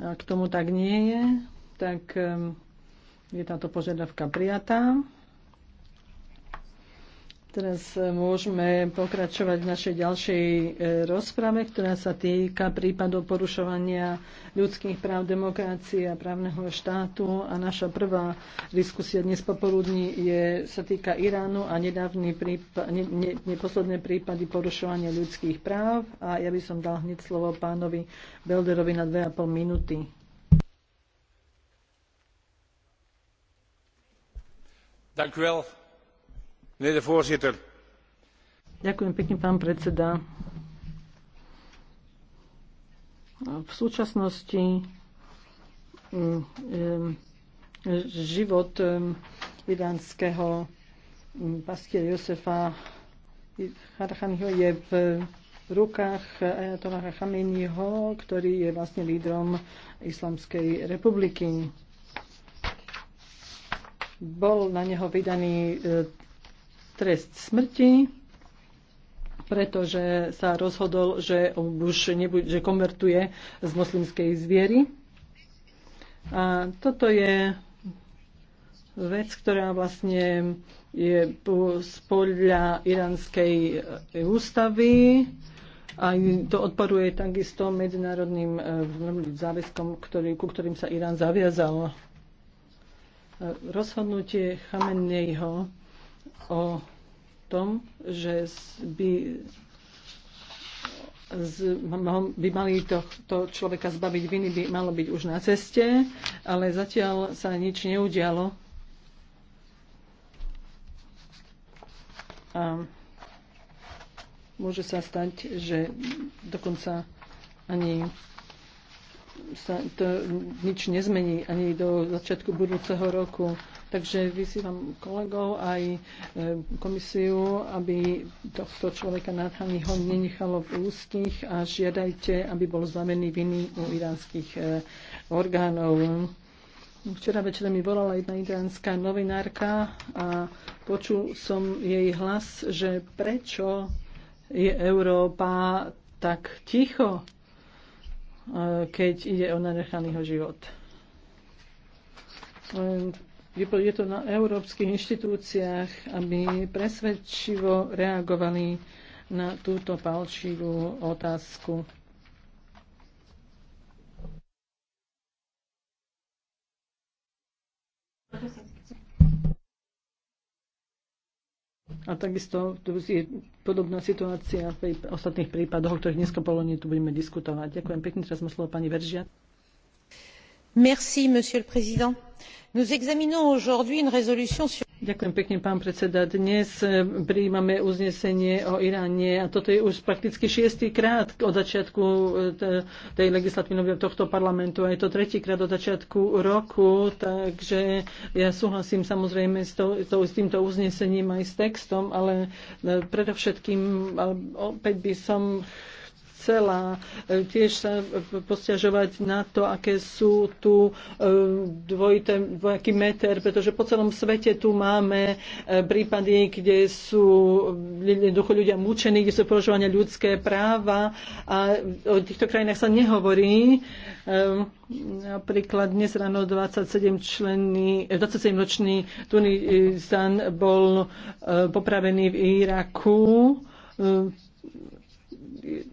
Ak tomu tak nie je, tak ehm, je táto požiadavka prijatá. Teraz e, môžeme pokračovať v našej ďalšej e, rozprave, ktorá sa týka prípadov porušovania ľudských práv, demokracie a právneho štátu. A naša prvá diskusia dnes popoludní je, sa týka Iránu a nedávny prípad, ne, ne, neposledné prípady porušovania ľudských práv. A ja by som dal hneď slovo pánovi Belderovi na 2,5 minúty. Ďakujem. Ďakujem pekne, pán V súčasnosti mm, mm, život mm, iránskeho pastiera Josefa Harchanho je v rukách Ayatollaha Chameniho, ktorý je vlastne lídrom Islamskej republiky. Bol na neho vydaný e, trest smrti, pretože sa rozhodol, že už nebuď, že konvertuje z moslimskej zviery. A toto je vec, ktorá vlastne je podľa iránskej ústavy a to odporuje takisto e, medzinárodným záväzkom, ktorý, ku ktorým sa Irán zaviazal. E, rozhodnutie Chamenejho o tom, že by, by mali to človeka zbaviť viny, by malo byť už na ceste, ale zatiaľ sa nič neudialo. A môže sa stať, že dokonca ani sa to nič nezmení ani do začiatku budúceho roku. Takže vysílam kolegov aj e, komisiu, aby tohto človeka ho nenechalo v ústich a žiadajte, aby bol zamený viny u iránskych e, orgánov. Včera večer mi volala jedna iránska novinárka a počul som jej hlas, že prečo je Európa tak ticho, e, keď ide o nenechaného život je to na európskych inštitúciách, aby presvedčivo reagovali na túto palčivú otázku. A takisto tu je podobná situácia v ostatných prípadoch, o ktorých dnes poloni tu budeme diskutovať. Ďakujem pekne, teraz má slovo pani Veržia. Merci, monsieur le président Ďakujem pekne, pán predseda. Dnes eh, prijímame uznesenie o Iráne a toto je už prakticky šiestýkrát od začiatku eh, tej legislatívy tohto parlamentu a je to tretíkrát od začiatku roku, takže ja súhlasím samozrejme s, to, to, s týmto uznesením aj s textom, ale eh, predovšetkým opäť by som chcela e, tiež sa e, posťažovať na to, aké sú tu e, dvojité, dvojaký meter, pretože po celom svete tu máme prípady, kde sú jednoducho ľudia mučení, kde sú porožované ľudské práva a o týchto krajinách sa nehovorí. Napríklad dnes ráno 27 členný, 27 ročný Tunizan bol popravený v Iraku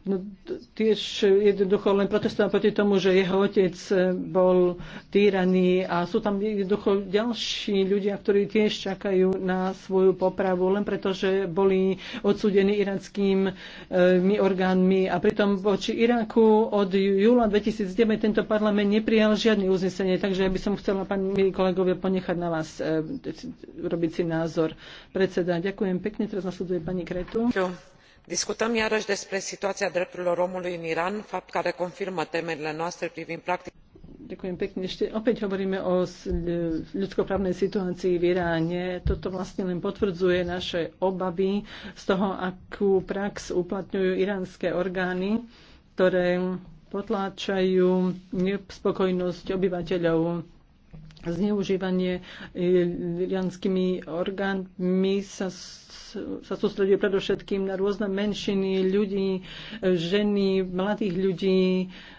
no, tiež jednoducho len protestoval proti tomu, že jeho otec eh, bol týraný a sú tam jednoducho ďalší ľudia, ktorí tiež čakajú na svoju popravu, len preto, že boli odsúdení irackými eh, orgánmi a pritom voči Iraku od júla 2009 tento parlament neprijal žiadne uznesenie, takže ja by som chcela, pani milí kolegovia, ponechať na vás eh, robiť si názor predseda. Ďakujem pekne, teraz nasleduje pani Kretu. Čo? discutăm iarăi despre situaia drepturilor omului în iran fapt care confirmă temerile noastre privind practicile Ďakujem pekne. Toto vlastne len potvrdzuje naše obavy z toho, akú uplatňujú iránske orgány, ktoré potláčajú nespokojnosť obyvateľov zneužívanie irianskými e, orgánmi sa, sa sústreduje predovšetkým na rôzne menšiny ľudí, e, ženy, mladých ľudí,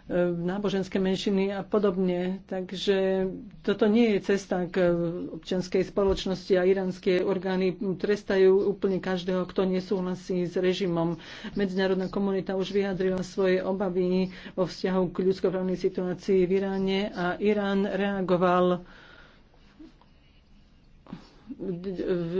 E, náboženské menšiny a podobne. Takže toto nie je cesta k e, občianskej spoločnosti a iránske orgány trestajú úplne každého, kto nesúhlasí s režimom. Medzinárodná komunita už vyjadrila svoje obavy vo vzťahu k ľudskoprávnej situácii v Iráne a Irán reagoval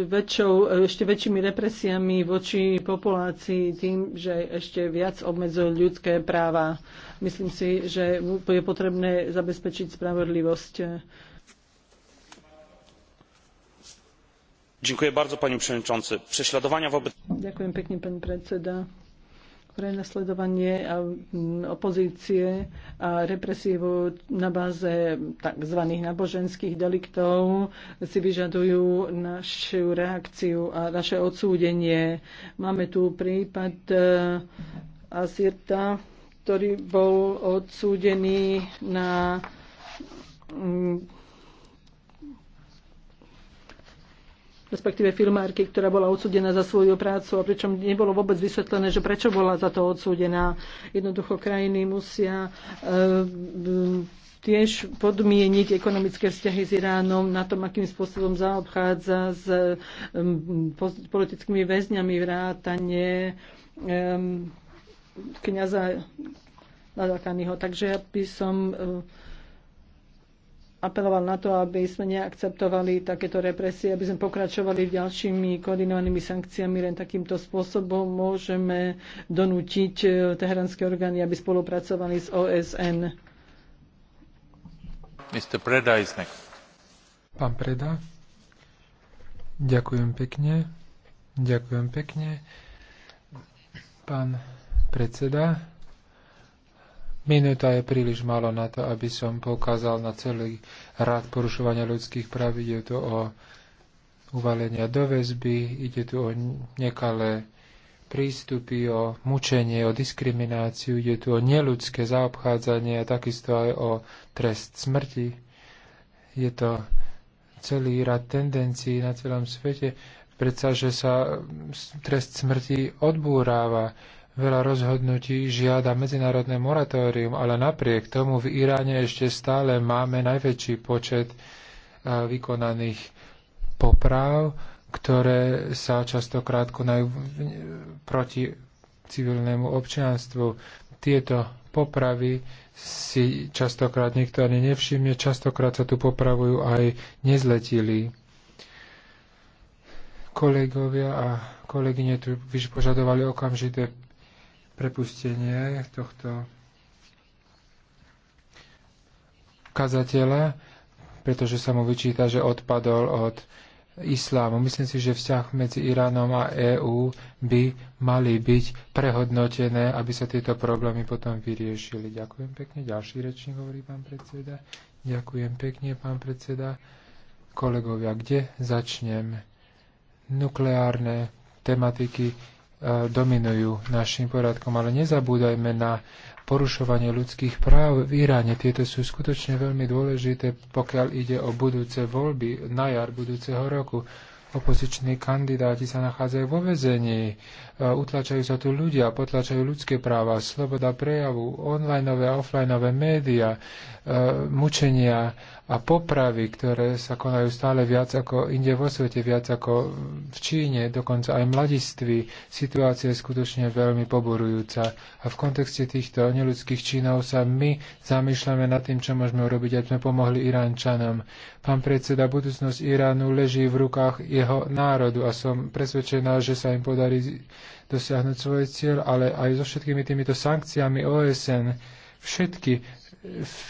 väčšou, ešte väčšími represiami voči populácii tým, že ešte viac obmedzujú ľudské práva. Myslím si, že je potrebné zabezpečiť spravodlivosť. Dziękuję bardzo, panie przewodniczący. Prześladowania wobec... Ďakujem pekne, pani predseda prenasledovanie opozície a represívu na báze tzv. náboženských deliktov si vyžadujú našu reakciu a naše odsúdenie. Máme tu prípad e, Asirta, ktorý bol odsúdený na respektíve filmárky, ktorá bola odsúdená za svoju prácu a pričom nebolo vôbec vysvetlené, že prečo bola za to odsúdená. Jednoducho krajiny musia e, e tiež podmieniť ekonomické vzťahy s Iránom na tom, akým spôsobom zaobchádza s um, politickými väzňami vrátane um, kniaza Nadakanyho. Takže ja by som um, apeloval na to, aby sme neakceptovali takéto represie, aby sme pokračovali ďalšími koordinovanými sankciami. Len takýmto spôsobom môžeme donútiť e, teheranské orgány, aby spolupracovali s OSN. Mr. Preda is next. Pán Preda, ďakujem pekne. Ďakujem pekne. Pán predseda, Minúta je príliš malo na to, aby som poukázal na celý rád porušovania ľudských práv. Ide tu o uvalenia do väzby, ide tu o nekalé prístupy, o mučenie, o diskrimináciu, ide tu o neludské zaobchádzanie a takisto aj o trest smrti. Je to celý rad tendencií na celom svete, predsa, že sa trest smrti odbúráva Veľa rozhodnutí žiada medzinárodné moratórium, ale napriek tomu v Iráne ešte stále máme najväčší počet vykonaných poprav, ktoré sa častokrát konajú proti civilnému občianstvu. Tieto popravy si častokrát nikto ani nevšimne, častokrát sa tu popravujú aj nezletilí. Kolegovia a kolegyne tu vyž požadovali okamžité prepustenie tohto kazateľa, pretože sa mu vyčíta, že odpadol od islámu. Myslím si, že vzťah medzi Iránom a EÚ by mali byť prehodnotené, aby sa tieto problémy potom vyriešili. Ďakujem pekne. Ďalší rečník hovorí pán predseda. Ďakujem pekne, pán predseda. Kolegovia, kde začnem? Nukleárne tematiky E, dominujú našim poriadkom, ale nezabúdajme na porušovanie ľudských práv v Iráne. Tieto sú skutočne veľmi dôležité, pokiaľ ide o budúce voľby na jar budúceho roku. Opoziční kandidáti sa nachádzajú vo vezení, e, utlačajú sa tu ľudia, potlačajú ľudské práva, sloboda prejavu, onlineové a offlineové médiá, e, mučenia, a popravy, ktoré sa konajú stále viac ako inde vo svete, viac ako v Číne, dokonca aj mladiství, situácia je skutočne veľmi poborujúca. A v kontexte týchto neludských činov sa my zamýšľame nad tým, čo môžeme urobiť, aby sme pomohli Iránčanom. Pán predseda, budúcnosť Iránu leží v rukách jeho národu a som presvedčená, že sa im podarí dosiahnuť svoj cieľ, ale aj so všetkými týmito sankciami OSN všetky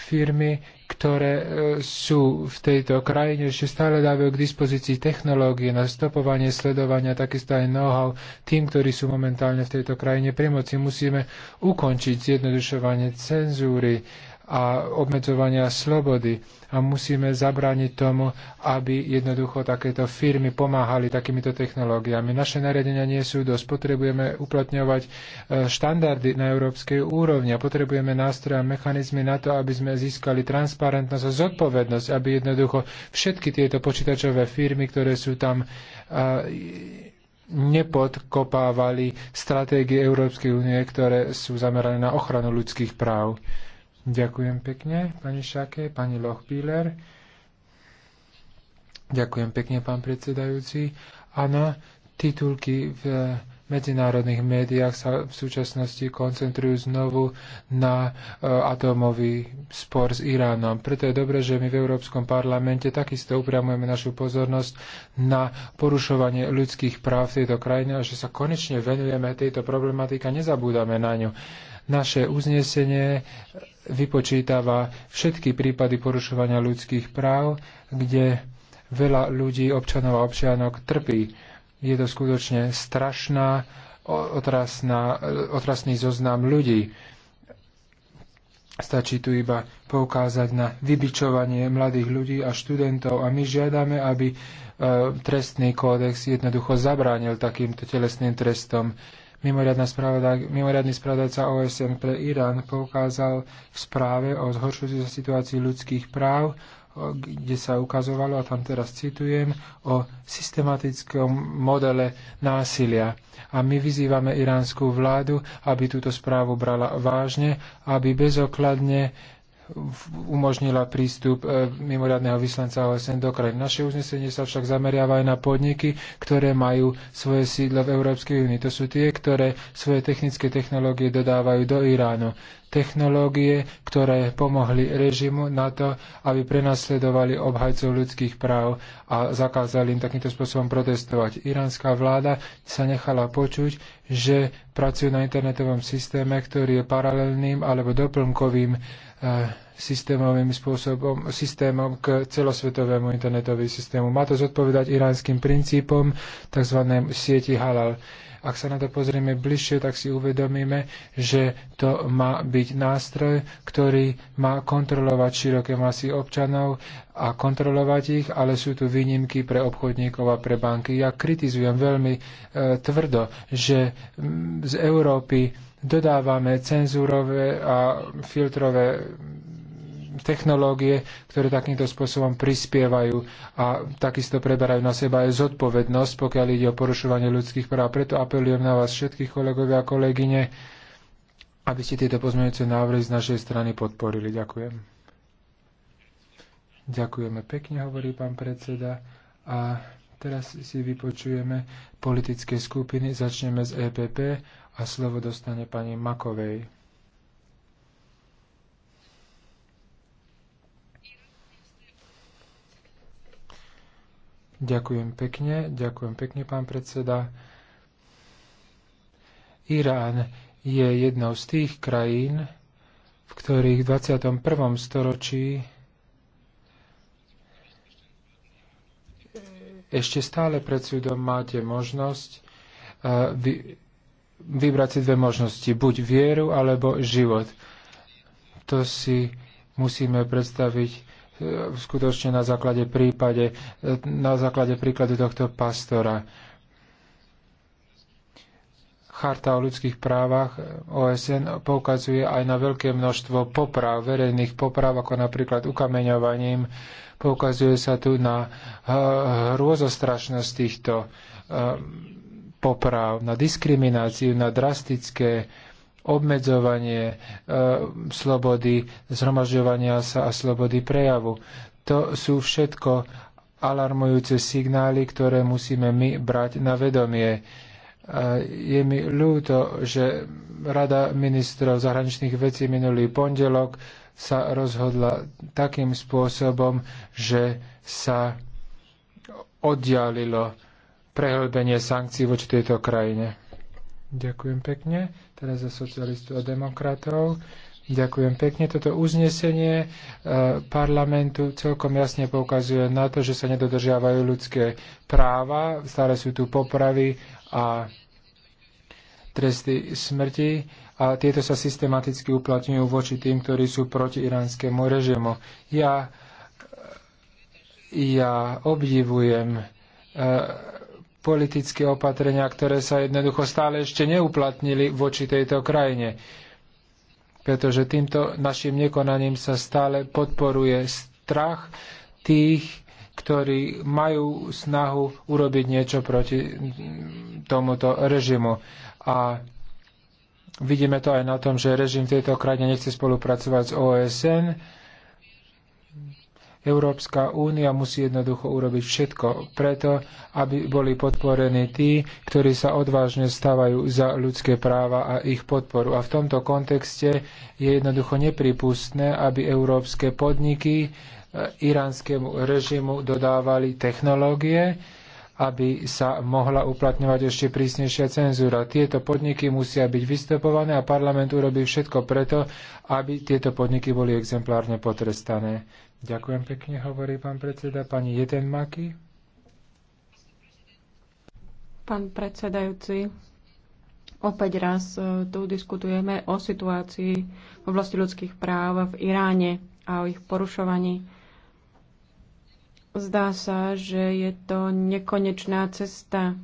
firmy, ktoré e, sú v tejto krajine, ešte stále dávajú k dispozícii technológie na stopovanie, sledovania, takisto aj know-how tým, ktorí sú momentálne v tejto krajine pri moci. Musíme ukončiť zjednodušovanie cenzúry a obmedzovania slobody. A musíme zabrániť tomu, aby jednoducho takéto firmy pomáhali takýmito technológiami. Naše nariadenia nie sú dosť. Potrebujeme uplatňovať e, štandardy na európskej úrovni a potrebujeme nástroje a mechanizmy na to, aby sme získali transparentnosť a zodpovednosť, aby jednoducho všetky tieto počítačové firmy, ktoré sú tam e, nepodkopávali stratégie Európskej únie, ktoré sú zamerané na ochranu ľudských práv. Ďakujem pekne, pani Šake, pani Lochbíler. Ďakujem pekne, pán predsedajúci. Áno, titulky v medzinárodných médiách sa v súčasnosti koncentrujú znovu na e, atómový spor s Iránom. Preto je dobré, že my v Európskom parlamente takisto upriamujeme našu pozornosť na porušovanie ľudských práv v tejto krajine a že sa konečne venujeme tejto problematike a nezabúdame na ňu. Naše uznesenie vypočítava všetky prípady porušovania ľudských práv, kde veľa ľudí, občanov a občianok trpí. Je to skutočne strašná, otrasná, e, otrasný zoznam ľudí. Stačí tu iba poukázať na vybičovanie mladých ľudí a študentov a my žiadame, aby e, trestný kódex jednoducho zabránil takýmto telesným trestom. Mimoriadný spravodajca OSN pre Irán poukázal v správe o zhoršujúcej sa situácii ľudských práv, kde sa ukazovalo, a tam teraz citujem, o systematickom modele násilia. A my vyzývame iránskú vládu, aby túto správu brala vážne, aby bezokladne umožnila prístup e, mimoriadného vyslanca OSN do krajín. Naše uznesenie sa však zameriava aj na podniky, ktoré majú svoje sídlo v Európskej únii. To sú tie, ktoré svoje technické technológie dodávajú do Iránu technológie, ktoré pomohli režimu na to, aby prenasledovali obhajcov ľudských práv a zakázali im takýmto spôsobom protestovať. Iránska vláda sa nechala počuť, že pracujú na internetovom systéme, ktorý je paralelným alebo doplnkovým eh, systémovým spôsobom, systémom k celosvetovému internetovému systému. Má to zodpovedať iránskym princípom tzv. sieti halal. Ak sa na to pozrieme bližšie, tak si uvedomíme, že to má byť nástroj, ktorý má kontrolovať široké masy občanov a kontrolovať ich, ale sú tu výnimky pre obchodníkov a pre banky. Ja kritizujem veľmi e, tvrdo, že z Európy dodávame cenzúrové a filtrové technológie, ktoré takýmto spôsobom prispievajú a takisto preberajú na seba aj zodpovednosť, pokiaľ ide o porušovanie ľudských práv. Preto apelujem na vás všetkých kolegovia a kolegyne, aby ste tieto pozmeňujúce návrhy z našej strany podporili. Ďakujem. Ďakujeme pekne, hovorí pán predseda. A teraz si vypočujeme politické skupiny. Začneme z EPP a slovo dostane pani Makovej. Ďakujem pekne, ďakujem pekne, pán predseda. Irán je jednou z tých krajín, v ktorých v 21. storočí ešte stále pred súdom máte možnosť eh, vybrať si dve možnosti, buď vieru alebo život. To si musíme predstaviť E, skutočne na základe prípade, e, na základe príkladu tohto pastora. Charta o ľudských právach e, OSN poukazuje aj na veľké množstvo poprav, verejných poprav, ako napríklad ukameňovaním. Poukazuje sa tu na hrôzostrašnosť týchto poprav, na diskrimináciu, na drastické obmedzovanie e, slobody zhromažďovania sa a slobody prejavu. To sú všetko alarmujúce signály, ktoré musíme my brať na vedomie. E, je mi ľúto, že Rada ministrov zahraničných vecí minulý pondelok sa rozhodla takým spôsobom, že sa oddialilo prehlbenie sankcií voči tejto krajine. Ďakujem pekne. Teraz za socialistov a demokratov. Ďakujem pekne. Toto uznesenie e, parlamentu celkom jasne poukazuje na to, že sa nedodržiavajú ľudské práva, stále sú tu popravy a tresty smrti a tieto sa systematicky uplatňujú voči tým, ktorí sú proti iránskému režimu. Ja, ja obdivujem e, politické opatrenia, ktoré sa jednoducho stále ešte neuplatnili voči tejto krajine. Pretože týmto našim nekonaním sa stále podporuje strach tých, ktorí majú snahu urobiť niečo proti tomuto režimu. A vidíme to aj na tom, že režim v tejto krajine nechce spolupracovať s OSN, Európska únia musí jednoducho urobiť všetko preto, aby boli podporení tí, ktorí sa odvážne stavajú za ľudské práva a ich podporu. A v tomto kontexte je jednoducho nepripustné, aby európske podniky e, iránskému režimu dodávali technológie, aby sa mohla uplatňovať ešte prísnejšia cenzúra. Tieto podniky musia byť vystupované a parlament urobí všetko preto, aby tieto podniky boli exemplárne potrestané. Ďakujem pekne, hovorí pán predseda. Pani jeden Maky. Pán predsedajúci, opäť raz e, tu diskutujeme o situácii v oblasti ľudských práv v Iráne a o ich porušovaní. Zdá sa, že je to nekonečná cesta,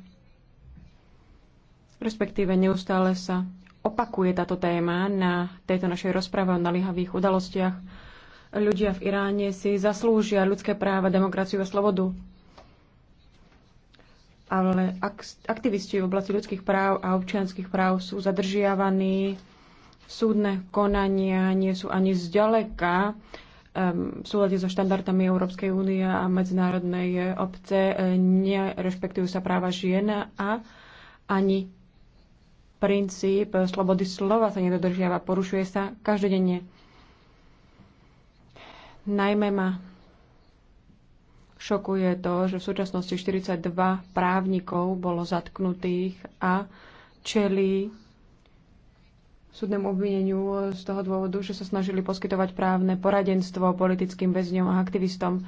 respektíve neustále sa opakuje táto téma na tejto našej rozprave o nalihavých udalostiach Ľudia v Iráne si zaslúžia ľudské práva, demokraciu a slobodu. Ale ak, aktivisti v oblasti ľudských práv a občianských práv sú zadržiavaní, súdne konania nie sú ani zďaleka v súlade so štandardami Európskej únie a medzinárodnej obce, eh, nerešpektujú sa práva žien a ani princíp eh, slobody slova sa nedodržiava, porušuje sa každodenne. Najmä ma šokuje to, že v súčasnosti 42 právnikov bolo zatknutých a čeli súdnemu obvineniu z toho dôvodu, že sa snažili poskytovať právne poradenstvo politickým väzňom a aktivistom.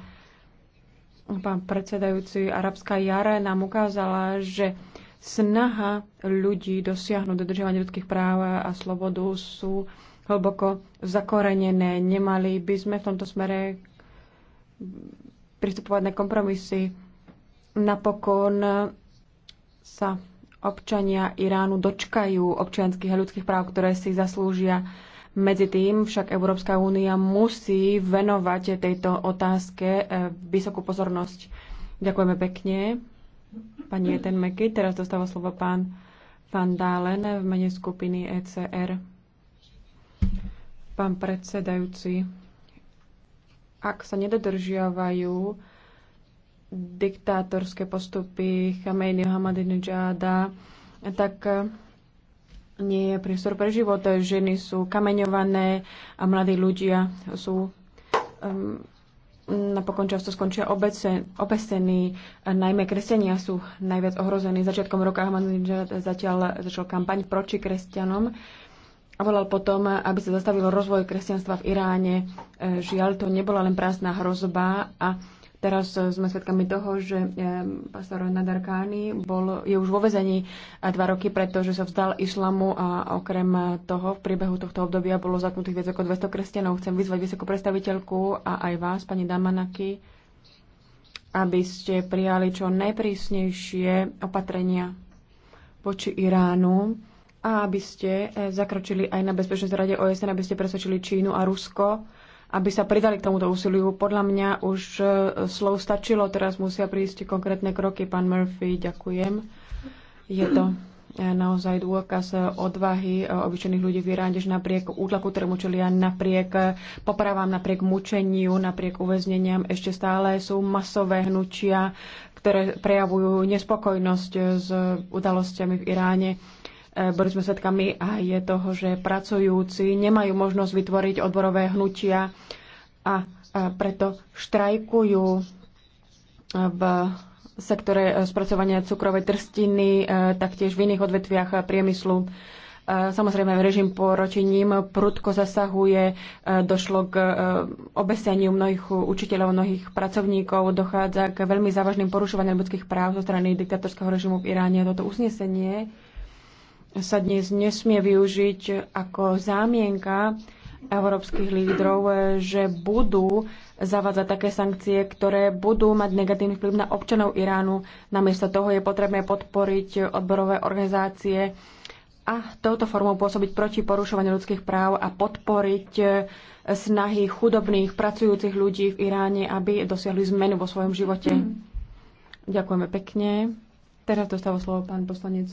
Pán predsedajúci, arabská jara nám ukázala, že snaha ľudí dosiahnuť dodržovanie ľudských práv a slobodu sú hlboko zakorenené. Nemali by sme v tomto smere pristupovať na kompromisy. Napokon sa občania Iránu dočkajú občianských a ľudských práv, ktoré si zaslúžia. Medzi tým však Európska únia musí venovať tejto otázke eh, vysokú pozornosť. Ďakujeme pekne. Pani Jeten Meky, teraz dostáva slovo pán Van Dalen v mene skupiny ECR. Pán predsedajúci, ak sa nedodržiavajú diktátorské postupy Chamejny Hamadinejada, tak nie je priestor pre život. Ženy sú kameňované a mladí ľudia sú um, napokon často skončia obesení, najmä kresťania sú najviac ohrození. Začiatkom roka Ahmadinejad zatiaľ začal kampaň proti kresťanom a volal potom, aby sa zastavil rozvoj kresťanstva v Iráne. E, žiaľ, to nebola len prázdna hrozba a teraz e, sme svedkami toho, že e, pastor Kani bol, je už vo vezení dva roky, pretože sa vzdal islamu a okrem toho v priebehu tohto obdobia bolo zatknutých viac ako 200 kresťanov. Chcem vyzvať vysokú predstaviteľku a aj vás, pani Damanaki, aby ste prijali čo najprísnejšie opatrenia voči Iránu a aby ste e, zakročili aj na Bezpečnosť rade OSN, aby ste presvedčili Čínu a Rusko, aby sa pridali k tomuto úsiliu. Podľa mňa už e, slov stačilo, teraz musia prísť konkrétne kroky. Pán Murphy, ďakujem. Je to e, naozaj dôkaz odvahy obyčajných ľudí v Iráne, že napriek útlaku, ktorému čelia, napriek popravám, napriek mučeniu, napriek uväzneniam, ešte stále sú masové hnutia, ktoré prejavujú nespokojnosť s udalosťami v Iráne. Eh, boli sme svedkami aj toho, že pracujúci nemajú možnosť vytvoriť odborové hnutia a eh, preto štrajkujú eh, v sektore spracovania cukrovej trstiny, taktiež v iných odvetviach priemyslu. Samozrejme, režim poročením prudko zasahuje, došlo k obeseniu mnohých učiteľov, mnohých pracovníkov, dochádza k veľmi závažným porušovaniam ľudských práv zo strany diktatorského režimu v Iráne. Toto usnesenie sa dnes nesmie využiť ako zámienka európskych lídrov, že budú zavádzať také sankcie, ktoré budú mať negatívny vplyv na občanov Iránu. Namiesto toho je potrebné podporiť odborové organizácie a touto formou pôsobiť proti porušovaniu ľudských práv a podporiť snahy chudobných, pracujúcich ľudí v Iráne, aby dosiahli zmenu vo svojom živote. Mm. Ďakujeme pekne. Teraz dostáva slovo pán poslanec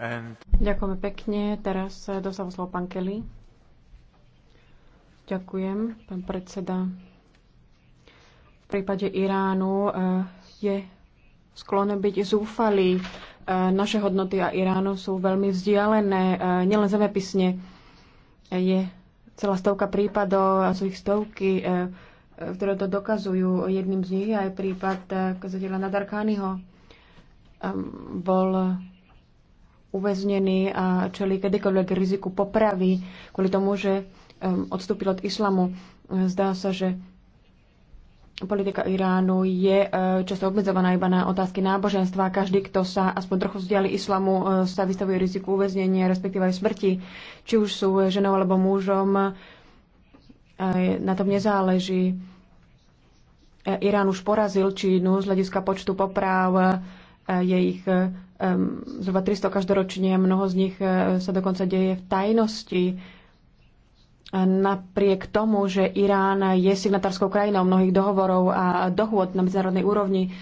And... Ďakujeme pekne. Teraz eh, dostávam slovo pán Kelly. Ďakujem, pán predseda. V prípade Iránu eh, je sklon byť zúfalý. Eh, naše hodnoty a Iránu sú veľmi vzdialené, nielen zemepisne. Je celá stovka prípadov a sú ich stovky, ktoré to dokazujú. Jedným z nich je aj prípad kazateľa Nadarkányho. Bol uväznený a čeli kedykoľvek riziku popravy kvôli tomu, že odstúpil od islamu. Zdá sa, že politika Iránu je e, často obmedzovaná iba na otázky náboženstva. Každý, kto sa aspoň trochu vzdiali islamu, e, sa vystavuje riziku uväznenia, respektíve aj smrti. Či už sú ženou alebo mužom, na tom nezáleží. E, Irán už porazil Čínu z hľadiska počtu poprav je ich zhruba 300 každoročne, mnoho z nich e, sa dokonca deje v tajnosti. Napriek tomu, že Irán je signatárskou krajinou mnohých dohovorov a dohôd na medzinárodnej úrovni,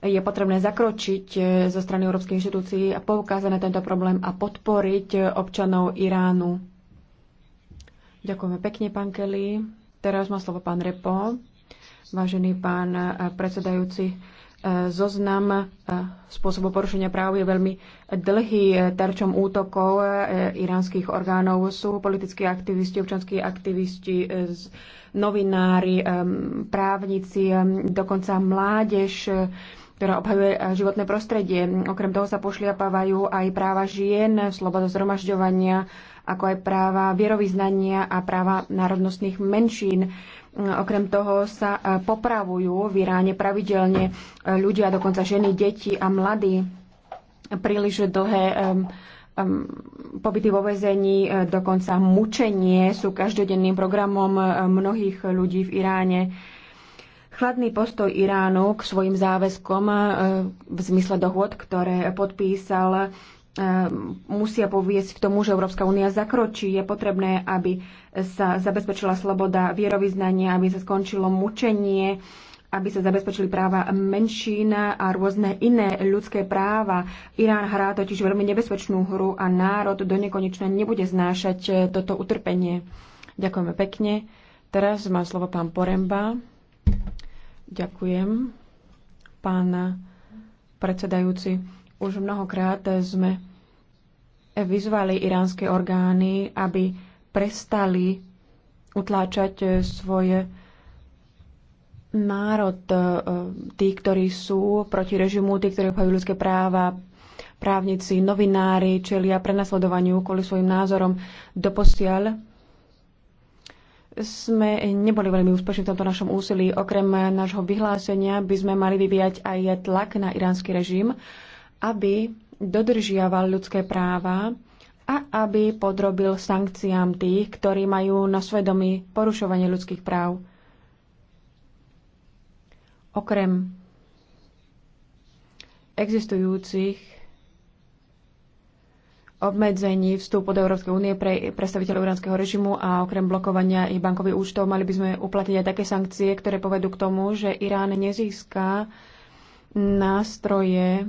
je potrebné zakročiť e, zo strany európskych inštitúcií a poukázať na tento problém a podporiť občanov Iránu. Ďakujeme pekne, pán Kelly. Teraz má slovo pán Repo. Vážený pán e, predsedajúci, Zoznam e, spôsobov porušenia práv je veľmi dlhý. E, terčom útokov e, iránskych orgánov sú politickí aktivisti, občanskí aktivisti, novinári, právnici, dokonca mládež ktorá obhajuje životné prostredie. Okrem toho sa pošliapávajú aj práva žien, sloboda zhromažďovania, ako aj práva vierovýznania a práva národnostných menšín. Okrem toho sa e, popravujú v Iráne pravidelne e, ľudia, dokonca ženy, deti a mladí. Príliš dlhé e, pobyty vo vezení, dokonca mučenie sú každodenným programom mnohých ľudí v Iráne. Chladný postoj Iránu k svojim záväzkom v zmysle dohôd, ktoré podpísal Ehm, musia poviesť k tomu, že Európska únia zakročí. Je potrebné, aby sa zabezpečila sloboda vierovýznania, aby sa skončilo mučenie, aby sa zabezpečili práva menšín a rôzne iné ľudské práva. Irán hrá totiž veľmi nebezpečnú hru a národ do nekonečna nebude znášať e, toto utrpenie. Ďakujeme pekne. Teraz má slovo pán Poremba. Ďakujem, pán predsedajúci už mnohokrát sme vyzvali iránske orgány, aby prestali utláčať svoje národ, e, tí, ktorí sú proti režimu, tí, ktorí obhajujú ľudské práva, právnici, novinári čelia prenasledovaniu kvôli svojim názorom. Doposiaľ sme neboli veľmi úspešní v tomto našom úsilí. Okrem nášho vyhlásenia by sme mali vyvíjať aj tlak na iránsky režim, aby dodržiaval ľudské práva a aby podrobil sankciám tých, ktorí majú na svedomí porušovanie ľudských práv. Okrem existujúcich obmedzení vstupu do Európskej únie pre predstaviteľov iránskeho režimu a okrem blokovania ich bankových účtov mali by sme uplatiť aj také sankcie, ktoré povedú k tomu, že Irán nezíska nástroje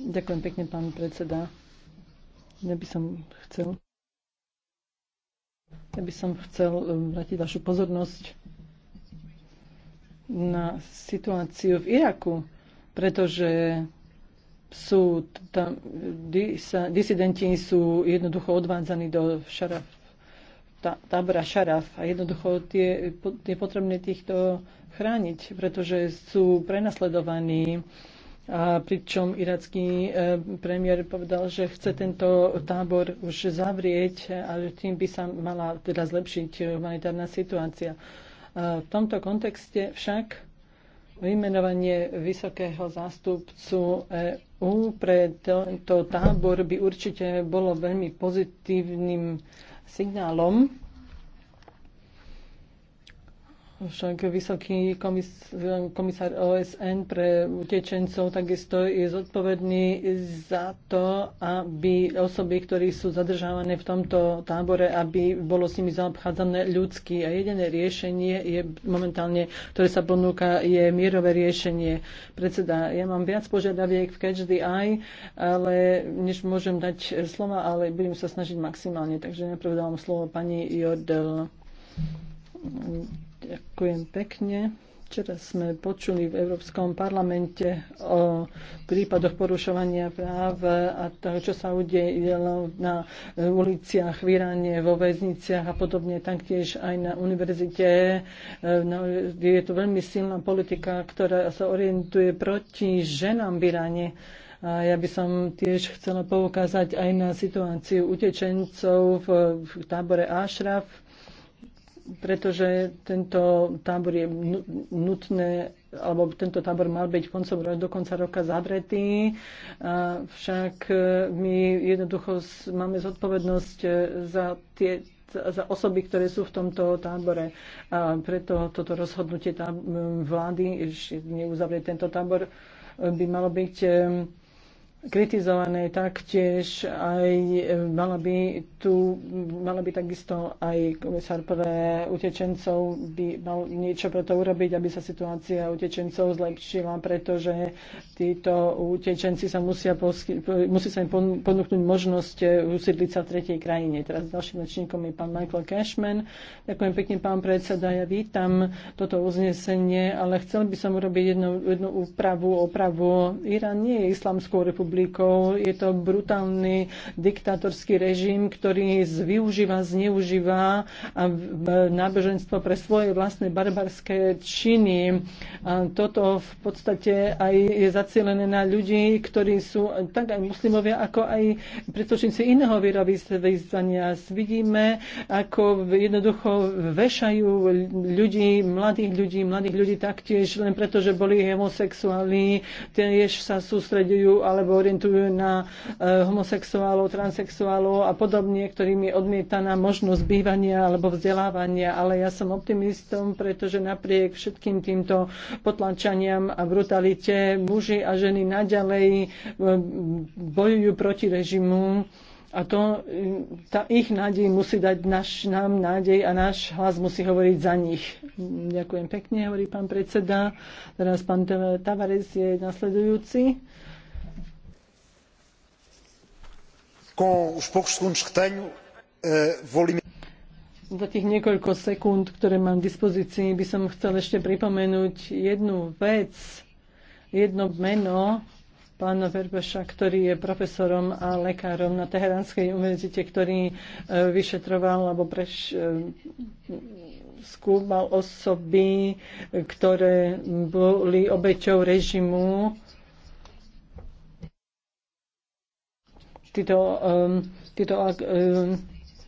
Ďakujem pekne, pán predseda. Ja by som chcel... Ja by som chcel e, vrátiť vašu pozornosť na situáciu v Iraku, pretože sú tam, disidenti sú jednoducho odvádzaní do šaraf, tábora šaraf a jednoducho tie, je potrebné týchto chrániť, pretože sú prenasledovaní a pričom iracký e, premiér povedal, že chce tento tábor už zavrieť a tým by sa mala teda zlepšiť humanitárna situácia. E, v tomto kontexte však vymenovanie vysokého zástupcu EU pre tento tábor by určite bolo veľmi pozitívnym signálom však vysoký komis, komisár OSN pre utečencov takisto je zodpovedný za to, aby osoby, ktorí sú zadržávané v tomto tábore, aby bolo s nimi zaobchádzané ľudský. A jediné riešenie je momentálne, ktoré sa ponúka, je mierové riešenie. Predseda, ja mám viac požiadaviek v Catch the Eye, ale než môžem dať slova, ale budem sa snažiť maximálne. Takže najprv dávam slovo pani Jodel. Ďakujem pekne. Včera sme počuli v Európskom parlamente o prípadoch porušovania práv a toho, čo sa udielo na uliciach v Iráne, vo väzniciach a podobne, taktiež aj na univerzite. No, je to veľmi silná politika, ktorá sa orientuje proti ženám v Iráne. A ja by som tiež chcela poukázať aj na situáciu utečencov v tábore Ashraf pretože tento tábor je nutné, alebo tento tábor mal byť koncom do konca roka zavretý. A však e, my jednoducho máme zodpovednosť e, za tie za osoby, ktoré sú v tomto tábore. A preto toto rozhodnutie tá, vlády neuzavrieť tento tábor e, by malo byť kritizované taktiež aj e, mala by tu, mala by takisto aj komisár pre utečencov by mal niečo preto urobiť, aby sa situácia utečencov zlepšila, pretože títo utečenci sa musia, posky, musí sa im ponúknuť možnosť e, usiedliť sa v tretej krajine. Teraz ďalším rečníkom je pán Michael Cashman. Ďakujem pekne, pán predseda, ja vítam toto uznesenie, ale chcel by som urobiť jednu, jednu úpravu, opravu. Irán nie je islamskou republikou, republikou. Je to brutálny diktátorský režim, ktorý využíva, zneužíva náboženstvo pre svoje vlastné barbarské činy. A toto v podstate aj je zacielené na ľudí, ktorí sú tak aj muslimovia, ako aj príslušníci iného vierovýznania. Vidíme, ako jednoducho vešajú ľudí, mladých ľudí, mladých ľudí taktiež len preto, že boli homosexuáli, tiež sa sústredujú alebo orientujú na e, homosexuálov, transexuálov a podobne, ktorým je odmietaná možnosť bývania alebo vzdelávania. Ale ja som optimistom, pretože napriek všetkým týmto potlačaniam a brutalite muži a ženy naďalej e, bojujú proti režimu. A to, e, tá ich nádej musí dať naš, nám nádej a náš hlas musí hovoriť za nich. Ďakujem pekne, hovorí pán predseda. Teraz pán Tavares je nasledujúci. Com os poucos segundos que tenho, vou limitar za tých niekoľko sekúnd, ktoré mám k dispozícii, by som chcel ešte pripomenúť jednu vec, jedno meno pána Verbeša, ktorý je profesorom a lekárom na Teheránskej univerzite, ktorý e, vyšetroval alebo preš, e, skúmal osoby, ktoré boli obeťou režimu títo, um, títo um,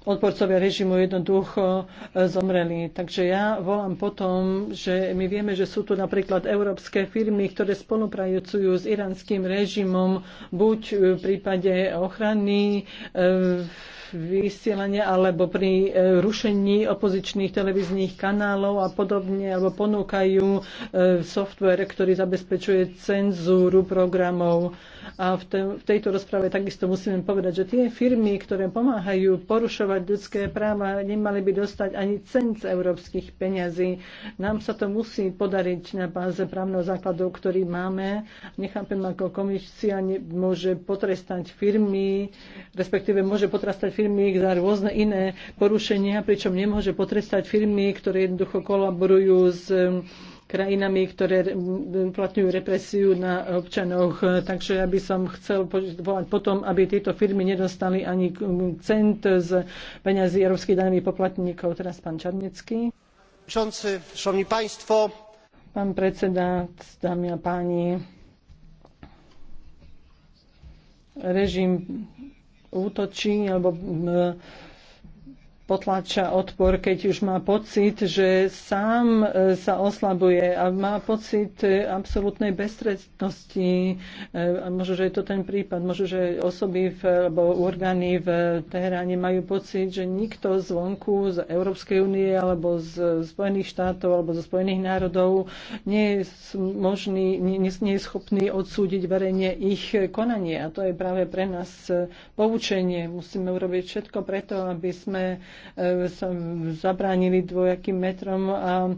odporcovia režimu jednoducho uh, zomreli. Takže ja volám potom, že my vieme, že sú tu napríklad európske firmy, ktoré spolupracujú s iránským režimom, buď uh, v prípade ochrany uh, vysielania alebo pri rušení opozičných televíznych kanálov a podobne, alebo ponúkajú software, ktorý zabezpečuje cenzúru programov. A v, tejto rozprave takisto musíme povedať, že tie firmy, ktoré pomáhajú porušovať ľudské práva, nemali by dostať ani cent z európskych peňazí. Nám sa to musí podariť na báze právneho základu, ktorý máme. Nechápem, ako komisia môže potrestať firmy, respektíve môže potrestať firmy za rôzne iné porušenia, pričom nemôže potrestať firmy, ktoré jednoducho kolaborujú s krajinami, ktoré platňujú represiu na občanoch. Takže ja by som chcel volať potom, aby tieto firmy nedostali ani cent z peňazí európskych daňových poplatníkov. Teraz pán Čarnecký. Pán predseda, dámy a páni, režim útočí alebo e, potlača odpor, keď už má pocit, že sám e, sa oslabuje a má pocit e, absolútnej bezstrednosti. E, možno, že je to ten prípad. Možno, že osoby v, alebo orgány v Teheráne majú pocit, že nikto zvonku z Európskej únie alebo z Spojených štátov alebo zo Spojených národov nie je, možný, nie, nie je schopný odsúdiť verejne ich konanie. A to je práve pre nás poučenie. Musíme urobiť všetko preto, aby sme E, zabránili dvojakým metrom a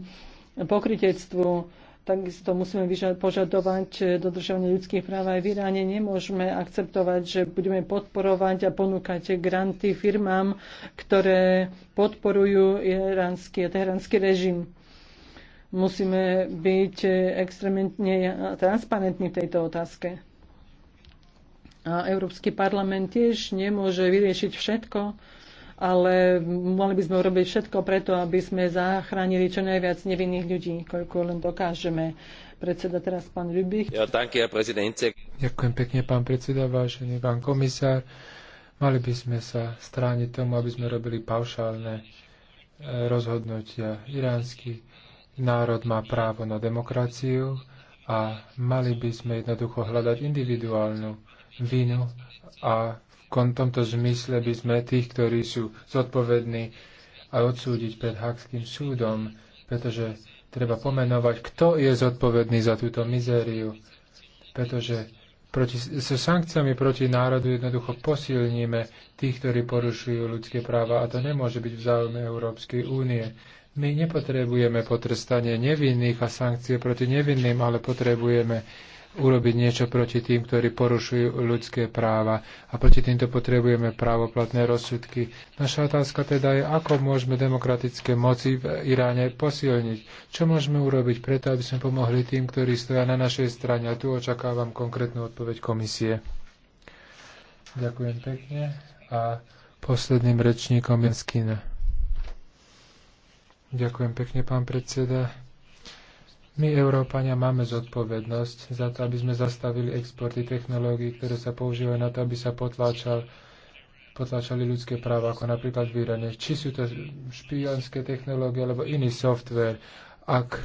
pokritectvu. Takisto musíme požadovať dodržovanie ľudských práv aj v Iráne. Nemôžeme akceptovať, že budeme podporovať a ponúkať granty firmám, ktoré podporujú iránsky a teheránsky režim. Musíme byť extrémne transparentní v tejto otázke. A Európsky parlament tiež nemôže vyriešiť všetko, ale mohli by sme urobiť všetko preto, aby sme zachránili čo najviac nevinných ľudí, koľko len dokážeme. Predseda teraz pán Rybich. Ja, danke, ja, Ďakujem pekne, pán predseda, vážený pán komisár. Mali by sme sa strániť tomu, aby sme robili paušálne e, rozhodnutia. Iránsky národ má právo na demokraciu a mali by sme jednoducho hľadať individuálnu vinu a v tomto zmysle by sme tých, ktorí sú zodpovední, aj odsúdiť pred Hakským súdom, pretože treba pomenovať, kto je zodpovedný za túto mizériu, pretože proti, so sankciami proti národu jednoducho posilníme tých, ktorí porušujú ľudské práva a to nemôže byť v záujme Európskej únie. My nepotrebujeme potrestanie nevinných a sankcie proti nevinným, ale potrebujeme urobiť niečo proti tým, ktorí porušujú ľudské práva. A proti týmto potrebujeme právoplatné rozsudky. Naša otázka teda je, ako môžeme demokratické moci v Iráne posilniť. Čo môžeme urobiť preto, aby sme pomohli tým, ktorí stoja na našej strane. A tu očakávam konkrétnu odpoveď komisie. Ďakujem pekne. A posledným rečníkom je Skina. Ďakujem pekne, pán predseda. My, Európania, máme zodpovednosť za to, aby sme zastavili exporty technológií, ktoré sa používajú na to, aby sa potláčal, potláčali ľudské práva, ako napríklad v Iráne. Či sú to špionské technológie alebo iný software, ak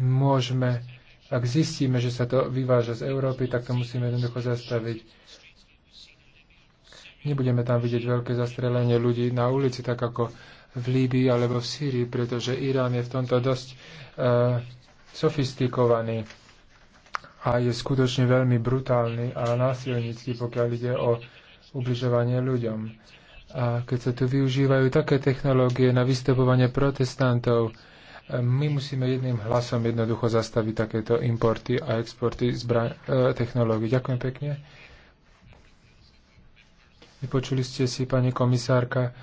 môžeme, ak zistíme, že sa to vyváža z Európy, tak to musíme jednoducho zastaviť. Nebudeme tam vidieť veľké zastrelenie ľudí na ulici, tak ako v Líbii alebo v Sýrii, pretože Irán je v tomto dosť e, sofistikovaný a je skutočne veľmi brutálny a násilnícky, pokiaľ ide o ubližovanie ľuďom. A keď sa tu využívajú také technológie na vystupovanie protestantov, e, my musíme jedným hlasom jednoducho zastaviť takéto importy a exporty zbra- e, technológií. Ďakujem pekne. Vypočuli ste si, pani komisárka,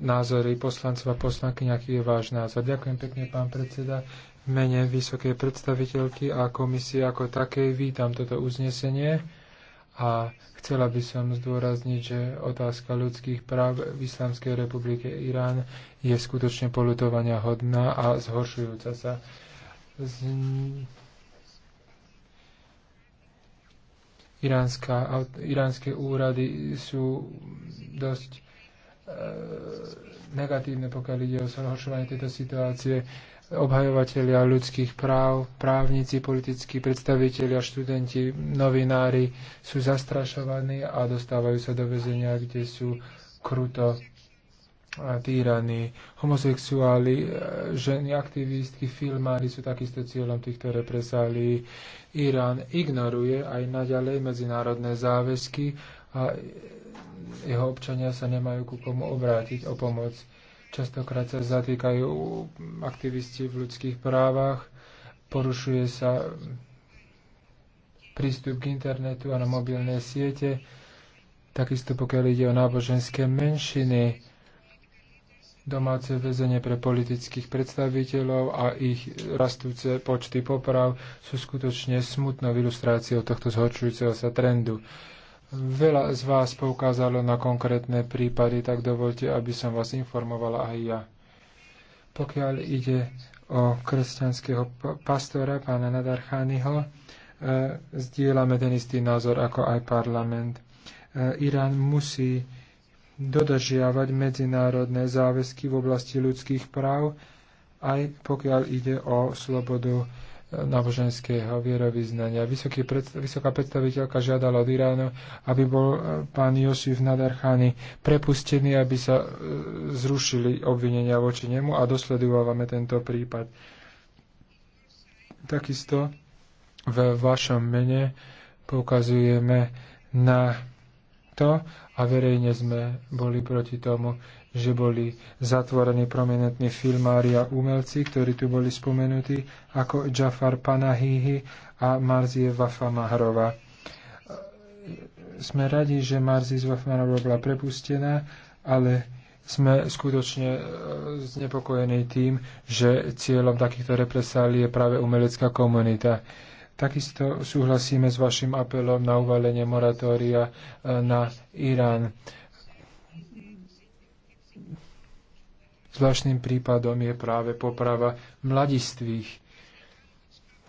názory poslancov a poslanky, nejaký je váš názor. Ďakujem pekne, pán predseda. V mene vysokej predstaviteľky a komisie ako takej vítam toto uznesenie a chcela by som zdôrazniť, že otázka ľudských práv v Islamskej republike Irán je skutočne polutovania hodná a zhoršujúca sa. Z... Iránska, iránske úrady sú dosť E, negatívne, pokiaľ ide o zhoršovanie tejto situácie. Obhajovateľia ľudských práv, právnici, politickí predstavitelia, študenti, novinári sú zastrašovaní a dostávajú sa do väzenia, kde sú kruto týraní. Homosexuáli, e, ženy, aktivistky, filmári sú takisto cieľom týchto represálí. Irán ignoruje aj naďalej medzinárodné záväzky a jeho občania sa nemajú ku komu obrátiť o pomoc. Častokrát sa zatýkajú aktivisti v ľudských právach, porušuje sa prístup k internetu a na mobilné siete, takisto pokiaľ ide o náboženské menšiny, domáce väzenie pre politických predstaviteľov a ich rastúce počty poprav sú skutočne smutnou ilustráciou tohto zhorčujúceho sa trendu. Veľa z vás poukázalo na konkrétne prípady, tak dovolte, aby som vás informovala aj ja. Pokiaľ ide o kresťanského pastora, pána Nadarchányho, e, zdieľame ten istý názor ako aj parlament. E, Irán musí dodržiavať medzinárodné záväzky v oblasti ľudských práv, aj pokiaľ ide o slobodu náboženského vierovýznania. pred, vysoká predstaviteľka žiadala od Iránu, aby bol e, pán Josif Nadarchány prepustený, aby sa e, zrušili obvinenia voči nemu a dosledujúvame tento prípad. Takisto v vašom mene poukazujeme na to a verejne sme boli proti tomu že boli zatvorení prominentní filmári a umelci, ktorí tu boli spomenutí, ako Jafar Panahihi a Marzie Vafa Mahrova. Sme radi, že Marzie Vafa Mahrova bola prepustená, ale sme skutočne e, znepokojení tým, že cieľom takýchto represálí je práve umelecká komunita. Takisto súhlasíme s vašim apelom na uvalenie moratória e, na Irán. Zvláštnym prípadom je práve poprava mladistvých.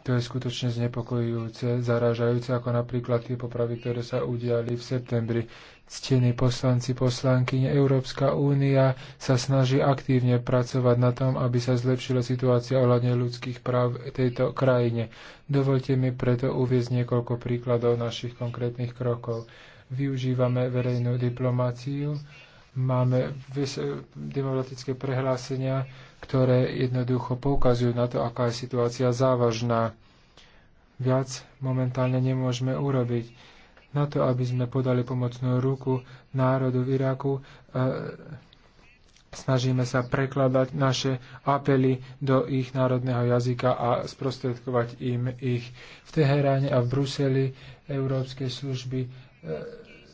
To je skutočne znepokojujúce, zaražajúce, ako napríklad tie popravy, ktoré sa udiali v septembri. Ctení poslanci, poslanky, Európska únia sa snaží aktívne pracovať na tom, aby sa zlepšila situácia ohľadne ľudských práv v tejto krajine. Dovolte mi preto uviezť niekoľko príkladov našich konkrétnych krokov. Využívame verejnú diplomáciu, Máme demokratické prehlásenia, ktoré jednoducho poukazujú na to, aká je situácia závažná. Viac momentálne nemôžeme urobiť. Na to, aby sme podali pomocnú ruku národu v Iraku, e, snažíme sa prekladať naše apely do ich národného jazyka a sprostredkovať im ich v Teheráne a v Bruseli európskej služby. E,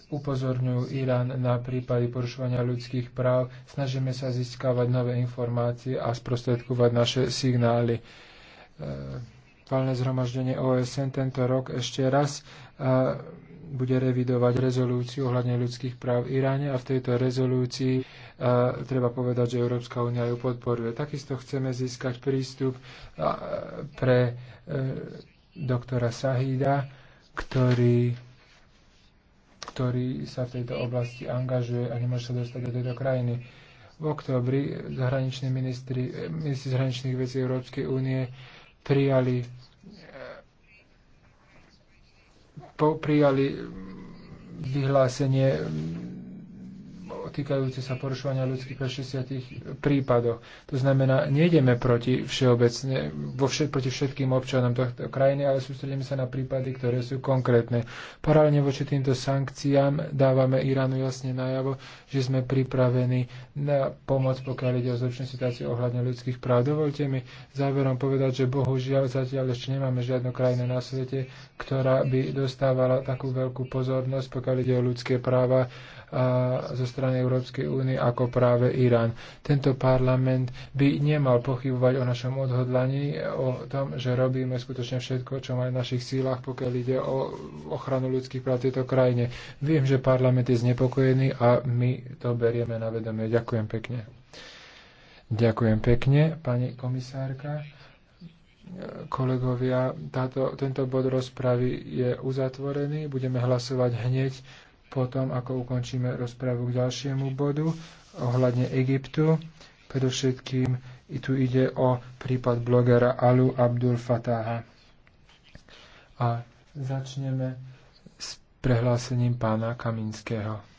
upozorňujú Irán na prípady porušovania ľudských práv, snažíme sa získavať nové informácie a sprostredkovať naše signály. E, valné zhromaždenie OSN tento rok ešte raz e, bude revidovať rezolúciu ohľadne ľudských práv v Iráne a v tejto rezolúcii e, treba povedať, že Európska únia ju podporuje. Takisto chceme získať prístup pre doktora Sahída, ktorý ktorý sa v tejto oblasti angažuje a nemôže sa dostať do tejto krajiny. V oktobri zahraniční ministri, ministri zahraničných vecí Európskej únie prijali, po, prijali vyhlásenie týkajúce sa porušovania ľudských pre 60 prípadoch. To znamená, nejdeme proti všeobecne, vo vše, proti všetkým občanom tohto krajiny, ale sústredíme sa na prípady, ktoré sú konkrétne. Paralelne voči týmto sankciám dávame Iránu jasne najavo, že sme pripravení na pomoc, pokiaľ ide o zlepšenú situáciu ohľadne ľudských práv. Dovolte mi záverom povedať, že bohužiaľ zatiaľ ešte nemáme žiadnu krajinu na svete, ktorá by dostávala takú veľkú pozornosť, pokiaľ ide o ľudské práva zo strany Európskej únie ako práve Irán. Tento parlament by nemal pochybovať o našom odhodlaní, o tom, že robíme skutočne všetko, čo má v našich sílach, pokiaľ ide o ochranu ľudských práv v tejto krajine. Viem, že parlament je znepokojený a my to berieme na vedomie. Ďakujem pekne. Ďakujem pekne, pani komisárka kolegovia, táto, tento bod rozpravy je uzatvorený. Budeme hlasovať hneď potom, ako ukončíme rozpravu k ďalšiemu bodu ohľadne Egyptu. Predovšetkým i tu ide o prípad blogera Alu Abdul Fataha. A začneme s prehlásením pána Kaminského.